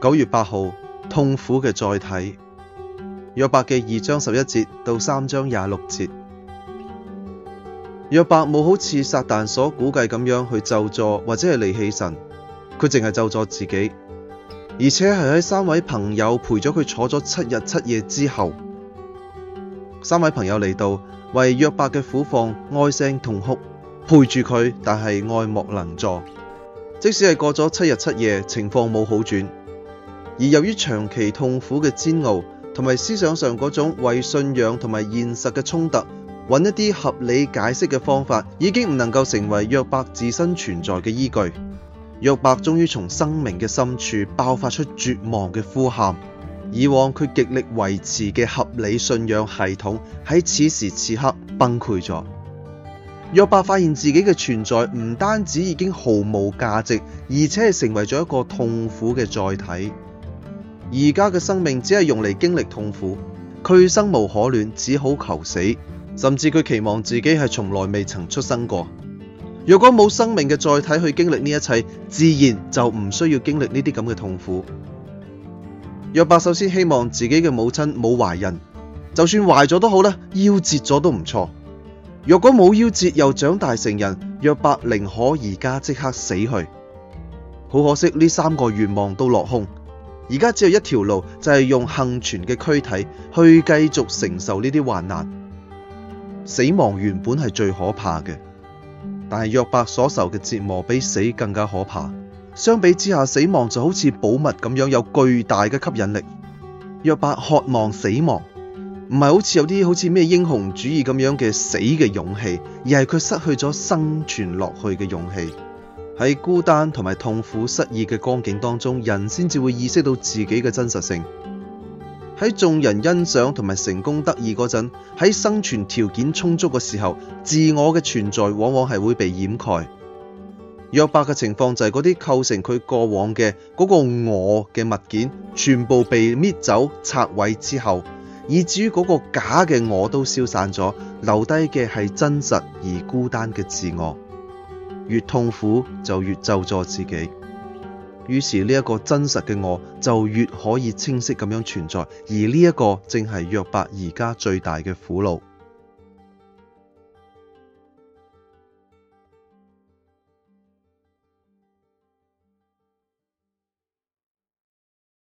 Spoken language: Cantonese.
九月八號，痛苦嘅載體，約伯記二章十一節到三章廿六節。約伯冇好似撒旦所估計咁樣去咒詛，或者係離棄神，佢淨係咒詛自己，而且係喺三位朋友陪咗佢坐咗七日七夜之後，三位朋友嚟到為約伯嘅苦況哀聲痛哭，陪住佢，但係愛莫能助。即使係過咗七日七夜，情況冇好轉。而由於長期痛苦嘅煎熬同埋思想上嗰種為信仰同埋現實嘅衝突，揾一啲合理解釋嘅方法已經唔能夠成為約伯自身存在嘅依據。約伯終於從生命嘅深處爆發出絕望嘅呼喊，以往佢極力維持嘅合理信仰系統喺此時此刻崩潰咗。約伯發現自己嘅存在唔單止已經毫無價值，而且係成為咗一個痛苦嘅載體。而家嘅生命只係用嚟經歷痛苦，佢生無可戀，只好求死，甚至佢期望自己係從來未曾出生過。若果冇生命嘅載體去經歷呢一切，自然就唔需要經歷呢啲咁嘅痛苦。約伯首先希望自己嘅母親冇懷孕，就算懷咗都好啦，夭折咗都唔錯。若果冇夭折又長大成人，約伯寧可而家即刻死去。好可惜呢三個願望都落空。而家只有一條路，就係用幸存嘅軀體去繼續承受呢啲患難。死亡原本係最可怕嘅，但係約伯所受嘅折磨比死更加可怕。相比之下，死亡就好似寶物咁樣有巨大嘅吸引力。約伯渴望死亡，唔係好似有啲好似咩英雄主義咁樣嘅死嘅勇氣，而係佢失去咗生存落去嘅勇氣。喺孤單同埋痛苦、失意嘅光景當中，人先至會意識到自己嘅真實性。喺眾人欣賞同埋成功得意嗰陣，喺生存條件充足嘅時候，自我嘅存在往往係會被掩蓋。約伯嘅情況就係嗰啲構成佢過往嘅嗰個我嘅物件，全部被搣走、拆毀之後，以至於嗰個假嘅我都消散咗，留低嘅係真實而孤單嘅自我。越痛苦就越咒詛自己，於是呢一、這個真實嘅我就越可以清晰咁樣存在，而呢一個正係約伯而家最大嘅苦惱。